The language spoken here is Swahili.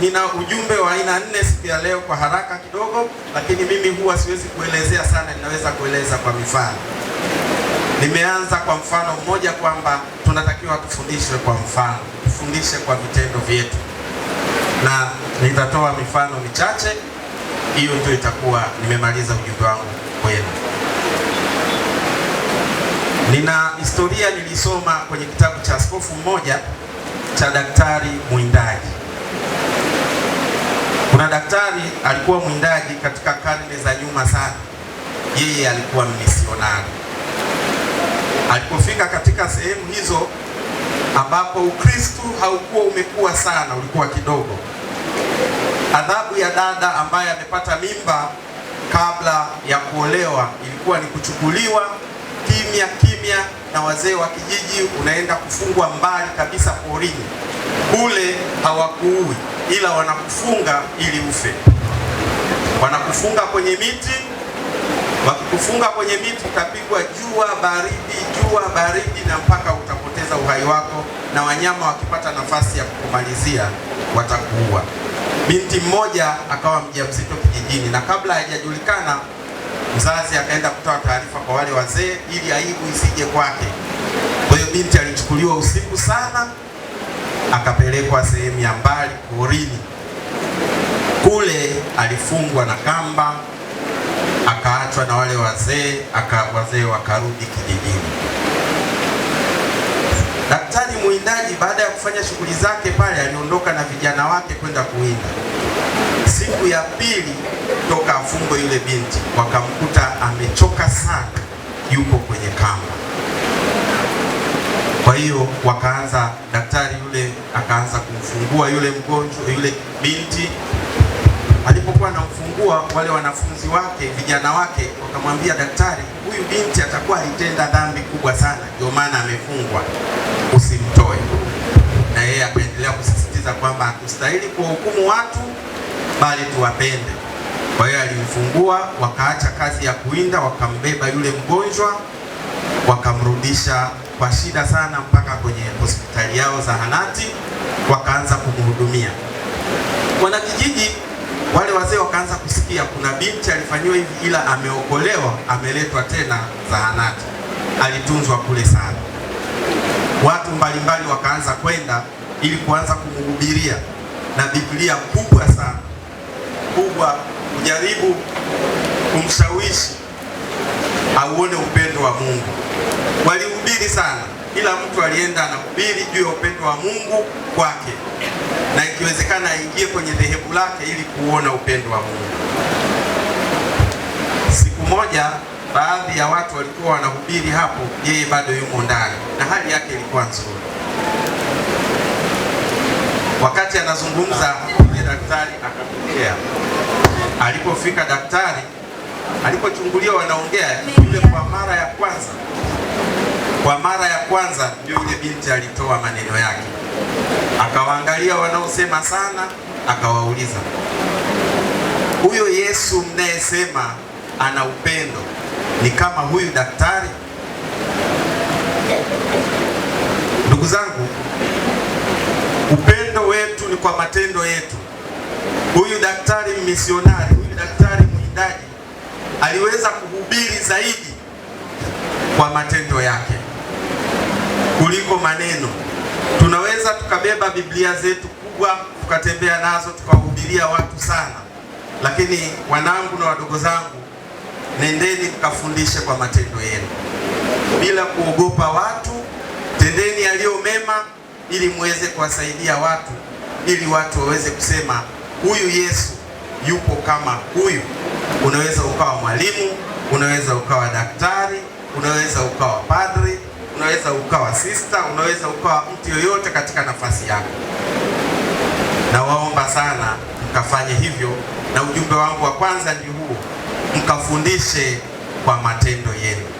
Nina ujumbe wa aina nne siku ya leo kwa haraka kidogo, lakini mimi huwa siwezi kuelezea sana, ninaweza kueleza kwa mifano. Nimeanza kwa mfano mmoja kwamba tunatakiwa tufundishwe kwa mfano, tufundishe kwa vitendo vyetu, na nitatoa mifano michache. Hiyo ndio itakuwa nimemaliza ujumbe wangu kwenu. Nina historia nilisoma kwenye kitabu cha askofu mmoja cha Daktari Mwindaji kuna daktari alikuwa mwindaji katika karne za nyuma sana, yeye alikuwa misionari. Alipofika katika sehemu hizo ambapo Ukristo haukuwa umekuwa sana, ulikuwa kidogo. Adhabu ya dada ambaye amepata mimba kabla ya kuolewa ilikuwa ni kuchukuliwa kimya kimya na wazee wa kijiji, unaenda kufungwa mbali kabisa porini. Kule hawakuui ila wanakufunga ili ufe. Wanakufunga kwenye miti, wakikufunga kwenye miti utapigwa jua baridi, jua baridi, na mpaka utapoteza uhai wako, na wanyama wakipata nafasi ya kukumalizia watakuua. Binti mmoja akawa mjamzito kijijini, na kabla hajajulikana mzazi akaenda kutoa taarifa kwa wale wazee ili aibu isije kwake. Kwa hiyo binti alichukuliwa usiku sana akapelekwa sehemu ya mbali porini. Kule alifungwa na kamba, akaachwa na wale wazee, wazee wakarudi kijijini. Daktari mwindaji baada ya kufanya shughuli zake pale, aliondoka na vijana wake kwenda kuwinda. Siku ya pili toka afungwe yule binti, wakamkuta amechoka sana, yupo kwenye kamba. Kwa hiyo wakaanza daktari akaanza kumfungua yule mgonjwa yule binti. Alipokuwa anamfungua, wale wanafunzi wake vijana wake wakamwambia daktari, huyu binti atakuwa alitenda dhambi kubwa sana, ndio maana amefungwa, usimtoe. Na yeye akaendelea kusisitiza kwamba hatustahili kuwahukumu watu, bali tuwapende. Kwa hiyo alimfungua, wakaacha kazi ya kuinda, wakambeba yule mgonjwa, wakamrudisha kwa shida sana mpaka kwenye hospitali yao zahanati, wakaanza kumhudumia. Wanakijiji wale wazee wakaanza kusikia kuna binti alifanyiwa hivi, ila ameokolewa, ameletwa tena zahanati, alitunzwa kule sana. Watu mbalimbali wakaanza kwenda ili kuanza kumhubiria na Biblia kubwa sana kubwa, kujaribu kumshawishi auone upendo wa Mungu. Walihubiri sana, ila mtu alienda anahubiri juu ya upendo wa Mungu kwake, na ikiwezekana aingie kwenye dhehebu lake ili kuona upendo wa Mungu. Siku moja baadhi ya watu walikuwa wanahubiri hapo, yeye bado yumo ndani na hali yake ilikuwa nzuri. Wakati anazungumza, daktari akapokea, Alipofika daktari alipochungulia wanaongea yule, kwa mara ya kwanza, kwa mara ya kwanza ndio yule binti alitoa maneno yake, akawaangalia wanaosema sana, akawauliza huyo Yesu mnayesema ana upendo ni kama huyu daktari? Ndugu zangu, upendo wetu ni kwa matendo yetu. Huyu daktari misionari, huyu daktari mwindaji aliweza kuhubiri zaidi kwa matendo yake kuliko maneno. Tunaweza tukabeba Biblia zetu kubwa tukatembea nazo tukahubiria watu sana, lakini wanangu na wadogo zangu, nendeni mkafundishe kwa matendo yenu bila kuogopa watu. Tendeni yaliyo mema ili muweze kuwasaidia watu, ili watu waweze kusema huyu Yesu yupo kama huyu. Unaweza ukawa mwalimu, unaweza ukawa daktari, unaweza ukawa padri, unaweza ukawa sista, unaweza ukawa mtu yoyote katika nafasi yako. Nawaomba sana mkafanye hivyo, na ujumbe wangu wa kwanza ni huo, mkafundishe kwa matendo yenu.